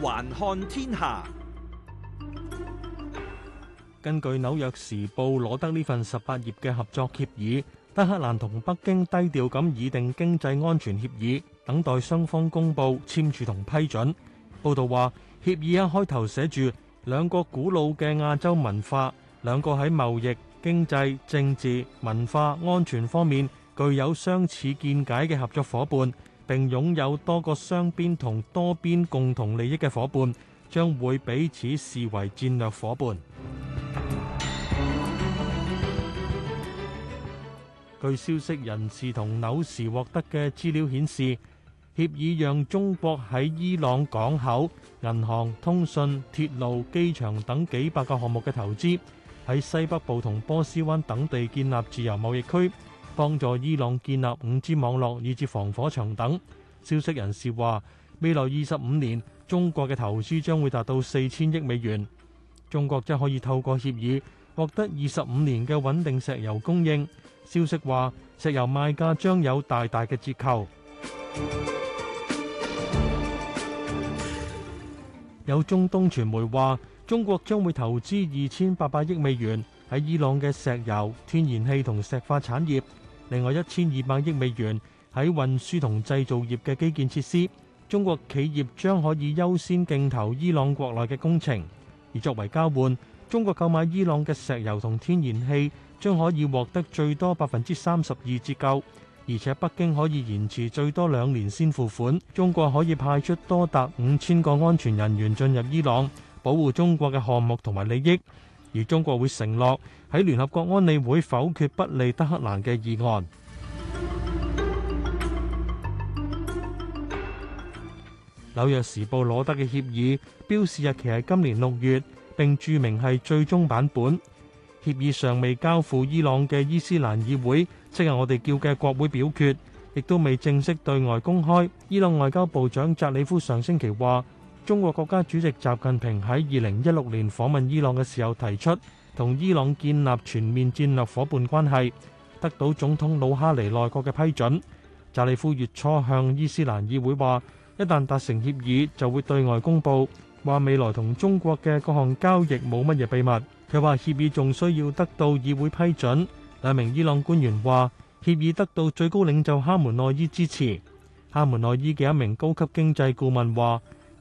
環看天下，根據《紐約時報》攞得呢份十八頁嘅合作協議，德克蘭同北京低調咁擬定經濟安全協議，等待雙方公布簽署同批准。報道話，協議一開頭寫住兩個古老嘅亞洲文化，兩個喺貿易、經濟、政治、文化、安全方面。具有相似見解嘅合作伙伴，並擁有多個雙邊同多邊共同利益嘅夥伴，將會彼此視為戰略夥伴。據消息人士同紐時獲得嘅資料顯示，協議讓中國喺伊朗港口、銀行、通訊、鐵路、機場等幾百個項目嘅投資，喺西北部同波斯灣等地建立自由貿易區。幫助伊朗建立五 G 網絡以至防火牆等。消息人士話，未來二十五年，中國嘅投資將會達到四千億美元。中國則可以透過協議獲得二十五年嘅穩定石油供應。消息話，石油賣價將有大大嘅折扣。有中東傳媒話，中國將會投資二千八百億美元喺伊朗嘅石油、天然氣同石化產業。另外一千二百億美元喺運輸同製造業嘅基建設施，中國企業將可以優先競投伊朗國內嘅工程。而作為交換，中國購買伊朗嘅石油同天然氣將可以獲得最多百分之三十二折扣，而且北京可以延遲最多兩年先付款。中國可以派出多達五千個安全人員進入伊朗，保護中國嘅項目同埋利益。而中國會承諾喺聯合國安理會否決不利德黑蘭嘅議案。《紐約時報》攞得嘅協議標示日期係今年六月，並註明係最終版本。協議尚未交付伊朗嘅伊斯蘭議會，即係我哋叫嘅國會表決，亦都未正式對外公開。伊朗外交部長扎里夫上星期話。中國國家主席習近平喺二零一六年訪問伊朗嘅時候提出同伊朗建立全面戰略伙伴關係，得到總統魯哈尼內閣嘅批准。扎里夫月初向伊斯蘭議會話：一旦達成協議，就會對外公佈。話未來同中國嘅各項交易冇乜嘢秘密。佢話協議仲需要得到議會批准。兩名伊朗官員話協議得到最高領袖哈門內伊支持。哈門內伊嘅一名高級經濟顧問話。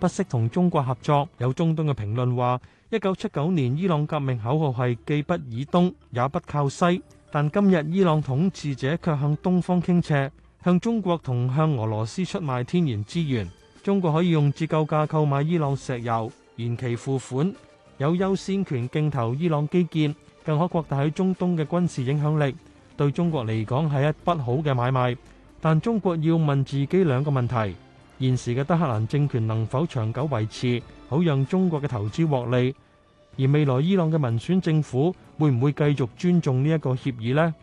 不惜同中國合作，有中東嘅評論話，一九七九年伊朗革命口號係既不倚東也不靠西，但今日伊朗統治者卻向東方傾斜，向中國同向俄羅斯出賣天然資源。中國可以用折舊價購買伊朗石油，延期付款，有優先權競投伊朗基建，更可擴大喺中東嘅軍事影響力。對中國嚟講，係一筆好嘅買賣，但中國要問自己兩個問題。現時嘅德黑蘭政權能否長久維持，好讓中國嘅投資獲利？而未來伊朗嘅民選政府會唔會繼續尊重呢一個協議呢？